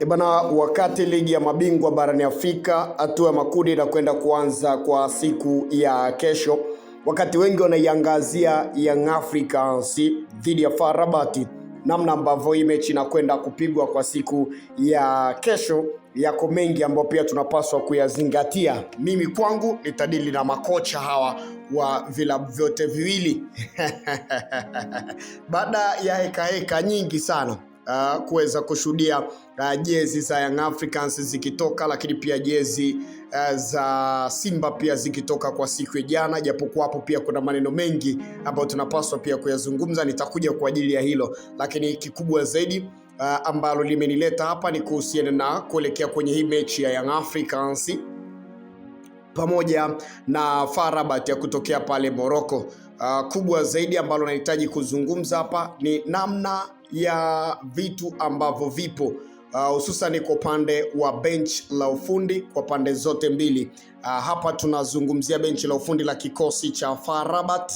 Ebana, wakati ligi ya mabingwa barani Afrika hatua ya makundi inakwenda kuanza kwa siku ya kesho, wakati wengi wanaiangazia Young Africans dhidi ya FAR Rabat, namna ambavyo hii mechi inakwenda kupigwa kwa siku ya kesho, yako mengi ambayo pia tunapaswa kuyazingatia. Mimi kwangu nitadili na makocha hawa wa vilabu vyote viwili baada ya hekaheka heka nyingi sana uh, kuweza kushuhudia uh, jezi za Young Africans zikitoka, lakini pia jezi uh, za Simba pia zikitoka kwa siku ya jana, japokuwa hapo pia kuna maneno mengi ambayo tunapaswa pia kuyazungumza. Nitakuja kwa ajili ya hilo, lakini kikubwa zaidi uh, ambalo limenileta hapa ni kuhusiana na kuelekea kwenye hii mechi ya Young Africans pamoja na FAR ya kutokea pale Morocco. Uh, kubwa zaidi ambalo nahitaji kuzungumza hapa ni namna ya vitu ambavyo vipo hususan uh, kwa upande wa bench la ufundi kwa pande zote mbili. Uh, hapa tunazungumzia benchi la ufundi la kikosi cha FAR Rabat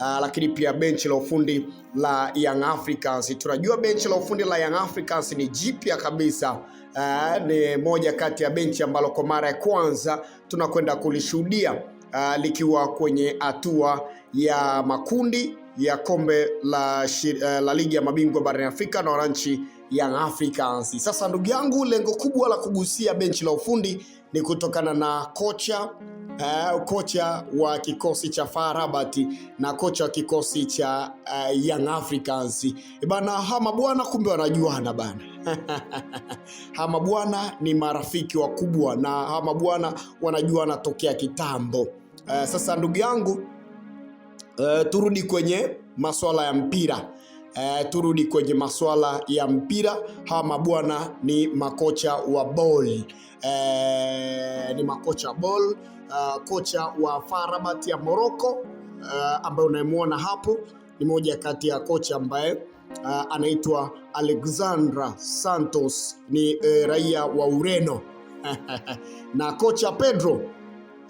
uh, lakini pia benchi la ufundi la Young Africans. Tunajua benchi la ufundi la Young Africans ni jipya kabisa. Uh, ni moja kati ya benchi ambalo kwa mara ya kwanza tunakwenda kulishuhudia uh, likiwa kwenye hatua ya makundi ya kombe la, shir, eh, la ligi ya mabingwa barani Afrika na wananchi Young Africans. Sasa ndugu yangu, lengo kubwa la kugusia benchi la ufundi ni kutokana na kocha Uh, kocha wa kikosi cha FAR Rabat na kocha wa kikosi cha uh, Young Africans bana, hama bwana kumbe wanajuana bana hama bwana ni marafiki wakubwa na hama bwana wanajuana tokea kitambo. Uh, sasa ndugu yangu Uh, turudi kwenye masuala ya mpira. Uh, turudi kwenye masuala ya mpira. Hawa mabwana ni makocha wa ball. Uh, ni makocha ball. Uh, kocha wa farabat ya Morocco uh, ambaye unayemwona hapo ni moja kati ya kocha ambaye uh, anaitwa Alexandra Santos ni uh, raia wa Ureno na kocha Pedro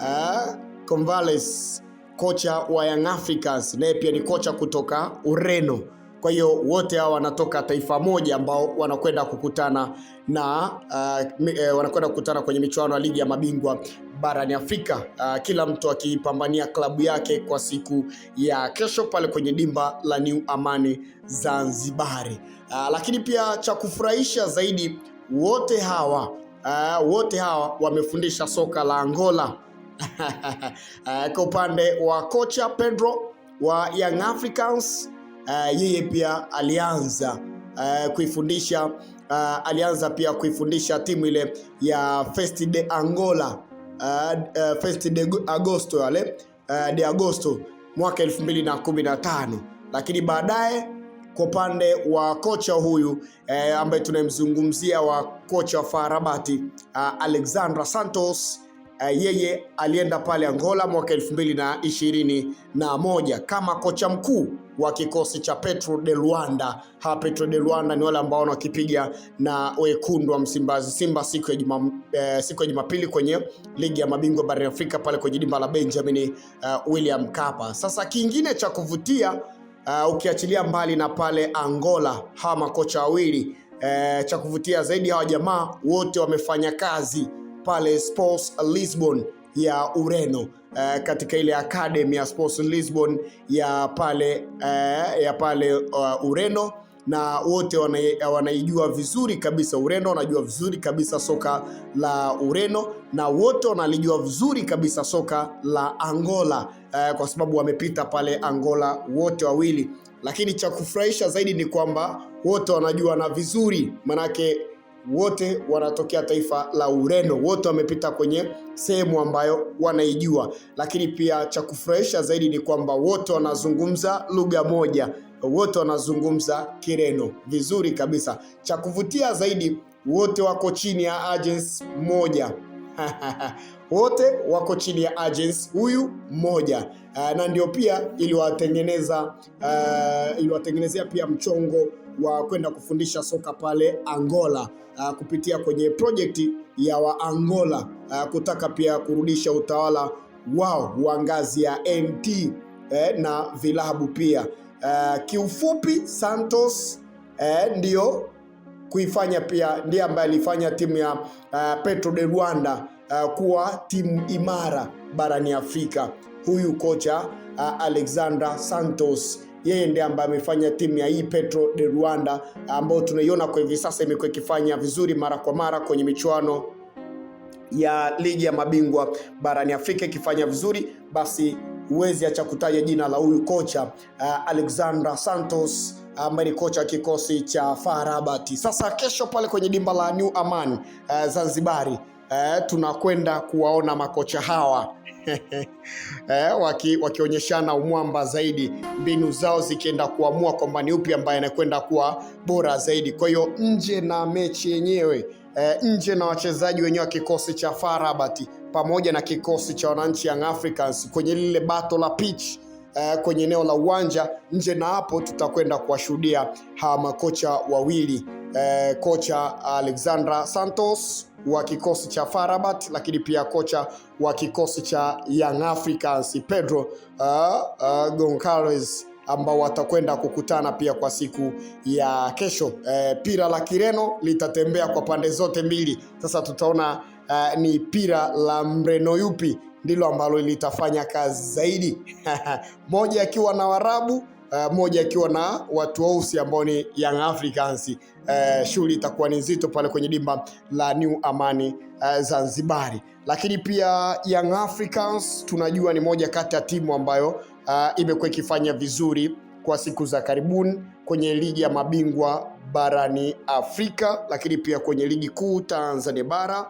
uh, Convales kocha wa Young Africans, naye pia ni kocha kutoka Ureno. Kwa hiyo wote hawa wanatoka taifa moja ambao wanakwenda kukutana na uh, eh, wanakwenda kukutana kwenye michuano ya ligi ya mabingwa barani Afrika, uh, kila mtu akipambania klabu yake kwa siku ya kesho pale kwenye dimba la New Amani Zanzibari. Uh, lakini pia cha kufurahisha zaidi wote hawa uh, wote hawa wamefundisha soka la Angola Eh, kwa upande wa kocha Pedro wa Young Africans uh, yeye pia alianza uh, kuifundisha uh, alianza pia kuifundisha timu ile ya First de Angola uh, uh, First de Agosto yale uh, de Agosto mwaka 2015 lakini baadaye kwa upande wa kocha huyu eh, ambaye tunamzungumzia wa kocha wa farabati uh, Alexandra Santos Eh, yeye alienda pale Angola mwaka elfu mbili na ishirini na moja kama kocha mkuu wa kikosi cha Petro de Luanda. Ha, Petro de Luanda ni wale ambao wanakipiga na wekundu wa Msimbazi Simba siku ya Juma, eh, siku ya Jumapili kwenye ligi ya mabingwa barani Afrika pale kwenye dimba la Benjamin uh, William Mkapa. Sasa kingine cha kuvutia uh, ukiachilia mbali na pale Angola hawa makocha wawili eh, cha kuvutia zaidi hawa jamaa wote wamefanya kazi pale Sports Lisbon ya Ureno uh, katika ile academy ya Sports Lisbon ya pale uh, ya pale uh, Ureno na wote wanaijua vizuri kabisa Ureno, wanajua vizuri kabisa soka la Ureno na wote wanalijua vizuri kabisa soka la Angola uh, kwa sababu wamepita pale Angola wote wawili. Lakini cha kufurahisha zaidi ni kwamba wote wanajua na vizuri, manake wote wanatokea taifa la Ureno, wote wamepita kwenye sehemu ambayo wanaijua. Lakini pia cha kufurahisha zaidi ni kwamba wote wanazungumza lugha moja, wote wanazungumza Kireno vizuri kabisa. Cha kuvutia zaidi, wote wako chini ya agents moja wote wako chini ya agents huyu mmoja eh, na ndio pia iliwatengeneza uh, iliwatengenezea pia mchongo wa kwenda kufundisha soka pale Angola uh, kupitia kwenye projekti ya wa Angola uh, kutaka pia kurudisha utawala wao wa ngazi ya MT eh, na vilabu pia uh, kiufupi Santos eh, ndio kuifanya pia ndiye ambaye alifanya timu ya uh, Petro de Luanda uh, kuwa timu imara barani Afrika. Huyu kocha uh, Alexander Santos yeye ndiye ambaye amefanya timu ya hii Petro de rwanda ambayo tunaiona kwa hivi sasa imekuwa ikifanya vizuri mara kwa mara kwenye michuano ya ligi ya mabingwa barani Afrika ikifanya vizuri, basi huwezi acha kutaja jina la huyu kocha uh, Alexandra Santos ambaye ni kocha wa kikosi cha FAR Rabat. Sasa kesho pale kwenye dimba la New Aman uh, Zanzibari eh, tunakwenda kuwaona makocha hawa eh, waki, wakionyeshana umwamba zaidi, mbinu zao zikienda kuamua kwamba ni upi ambaye anakwenda kuwa bora zaidi. Kwa hiyo nje na mechi yenyewe eh, nje na wachezaji wenyewe wa kikosi cha FAR Rabat pamoja na kikosi cha wananchi Young Africans kwenye lile bato la pitch eh, kwenye eneo la uwanja, nje na hapo tutakwenda kuwashuhudia hawa makocha wawili eh, kocha Alexandra Santos wa kikosi cha FAR Rabat, lakini pia kocha wa kikosi cha Young Africans Pedro uh, uh, Goncalves ambao watakwenda kukutana pia kwa siku ya kesho. E, pira la Kireno litatembea kwa pande zote mbili. Sasa tutaona uh, ni pira la Mreno yupi ndilo ambalo litafanya kazi zaidi moja akiwa na Waarabu Eh, moja ikiwa na watu weusi ambao ni Young Africans. Uh, shughuli itakuwa ni nzito pale kwenye dimba la New Amani uh, Zanzibari, lakini pia Young Africans tunajua ni moja kati ya timu ambayo uh, imekuwa ikifanya vizuri kwa siku za karibuni kwenye ligi ya mabingwa barani Afrika, lakini pia kwenye ligi kuu Tanzania bara.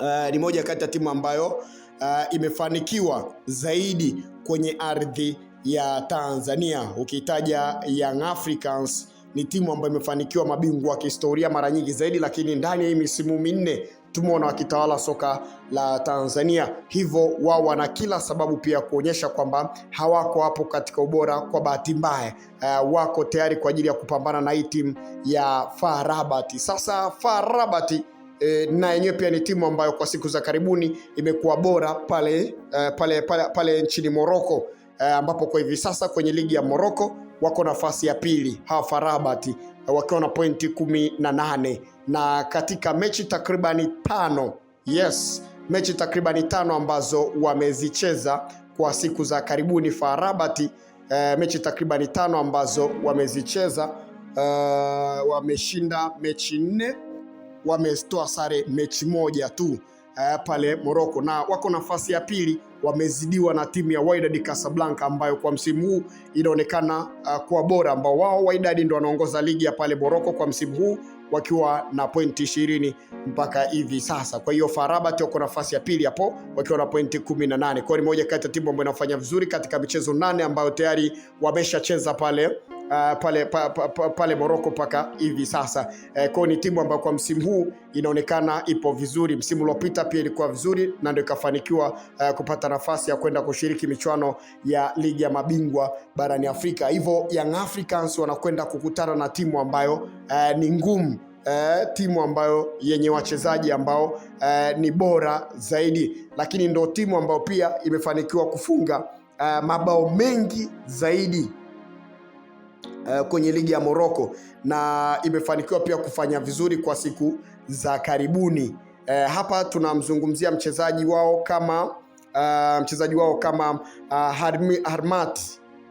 Uh, ni moja kati ya timu ambayo uh, imefanikiwa zaidi kwenye ardhi ya Tanzania. Ukitaja Young Africans ni timu ambayo imefanikiwa mabingwa wa kihistoria mara nyingi zaidi, lakini ndani ya hii misimu minne tumeona wakitawala soka la Tanzania. Hivyo wao wana kila sababu pia kuonyesha kwamba hawako hapo katika ubora kwa bahati mbaya. Uh, wako tayari kwa ajili ya kupambana na hii timu ya FAR Rabat. Sasa FAR Rabat eh, na yenyewe pia ni timu ambayo kwa siku za karibuni imekuwa bora pale, uh, pale, pale, pale nchini Morocco eh, ambapo kwa hivi sasa kwenye ligi ya Morocco wako nafasi ya pili Hafa Rabat eh, wakiwa na pointi kumi na nane na katika mechi takribani tano yes, mechi takribani tano ambazo wamezicheza kwa siku za karibuni Farabati eh, mechi takribani tano ambazo wamezicheza eh, wameshinda mechi nne, wametoa sare mechi moja tu uh, pale Morocco na wako nafasi ya pili, wamezidiwa na timu ya Wydad Casablanca ambayo kwa msimu huu inaonekana uh, kuwa bora, ambao wao Wydad ndio wanaongoza ligi ya pale Morocco kwa msimu huu wakiwa na pointi ishirini mpaka hivi sasa. Kwa hiyo farabat wako nafasi ya pili hapo wakiwa na pointi kumi na nane. Kwa hiyo ni moja kati ya timu ambayo inafanya vizuri katika michezo nane ambayo tayari wameshacheza pale uh, pale, pa, pa, pa, pale Morocco mpaka hivi sasa uh, eh, kwao ni timu ambayo kwa msimu huu inaonekana ipo vizuri. Msimu uliopita pia ilikuwa vizuri na ndio ikafanikiwa uh, kupata nafasi ya kwenda kushiriki michuano ya ligi ya mabingwa barani Afrika. Hivyo Young Africans wanakwenda kukutana na timu ambayo uh, ni ngumu Uh, timu ambayo yenye wachezaji ambao uh, ni bora zaidi, lakini ndo timu ambayo pia imefanikiwa kufunga uh, mabao mengi zaidi uh, kwenye ligi ya Morocco na imefanikiwa pia kufanya vizuri kwa siku za karibuni. Uh, hapa tunamzungumzia mchezaji wao kama uh, mchezaji wao kama uh, Harmat.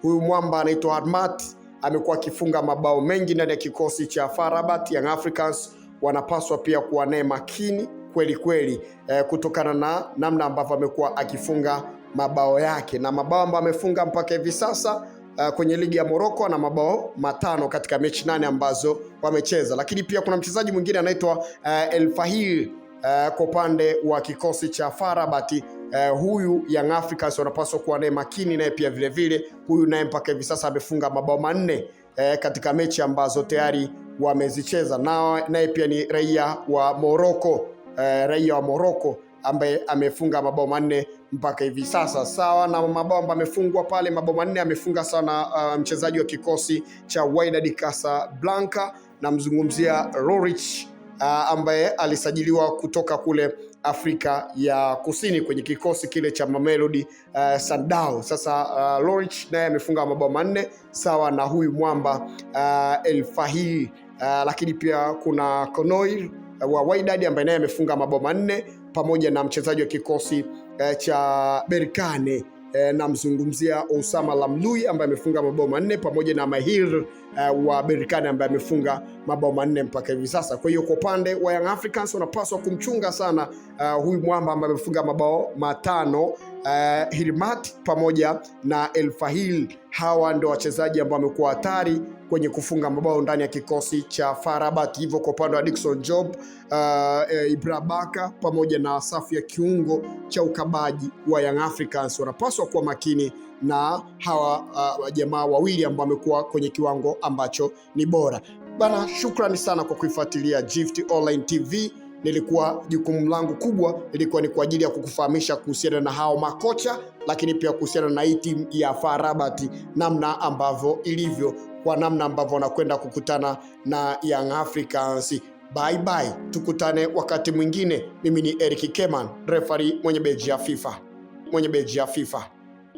Huyu mwamba anaitwa Harmat, amekuwa akifunga mabao mengi ndani ya kikosi cha FAR Rabat. Young Africans wanapaswa pia kuwa naye makini kweli kweli, eh, kutokana na namna ambavyo amekuwa akifunga mabao yake na mabao ambayo amefunga mpaka hivi sasa uh, kwenye ligi ya Morocco na mabao matano katika mechi nane ambazo wamecheza, lakini pia kuna mchezaji mwingine anaitwa uh, El Fahil uh, kwa upande wa kikosi cha Farabat. Uh, huyu Young Africans wanapaswa kuwa naye makini naye pia vilevile. Huyu naye mpaka hivi sasa amefunga mabao manne uh, katika mechi ambazo tayari wamezicheza, na naye pia ni raia wa Morocco uh, raia wa Morocco ambaye amefunga mabao manne mpaka hivi sasa, sawa na mabao ambayo amefungwa pale, mabao manne amefunga sana uh, mchezaji wa kikosi cha Wydad Casablanca, namzungumzia Rorich uh, ambaye alisajiliwa kutoka kule Afrika ya Kusini kwenye kikosi kile cha Mamelodi uh, Sandao. Sasa uh, Roric naye amefunga mabao manne sawa na huyu mwamba uh, El uh, lakini pia kuna uh, wa Wydad ambaye naye amefunga mabao manne pamoja na mchezaji wa kikosi Eh, cha Berkane eh, namzungumzia Osama Lamlui ambaye amefunga mabao manne pamoja na Mahir uh, wa Berikani ambaye amefunga mabao manne mpaka hivi sasa. Kwa hiyo kwa upande wa Young Africans wanapaswa kumchunga sana uh, huyu mwamba ambaye amefunga mabao matano uh, eh, Hilmat pamoja na elfahil Hawa ndio wachezaji ambao wamekuwa hatari kwenye kufunga mabao ndani ya kikosi cha Farabat. Hivyo kwa upande wa Dickson Job uh, Ibrabaka pamoja na safu ya kiungo cha ukabaji wa Young Africans wanapaswa kuwa makini na hawa uh, jamaa wawili ambao wamekuwa kwenye kiwango ambacho ni bora bana. Shukrani sana kwa kuifuatilia Gift Online TV. Nilikuwa jukumu langu kubwa ilikuwa ni kwa ajili ya kukufahamisha kuhusiana na hao makocha, lakini pia kuhusiana na hii timu ya FAR Rabat namna ambavyo ilivyo, kwa namna ambavyo wanakwenda kukutana na Young Africans. Bye bye, tukutane wakati mwingine. Mimi ni Eric Keman, referee mwenye beji ya FIFA, mwenye beji ya FIFA.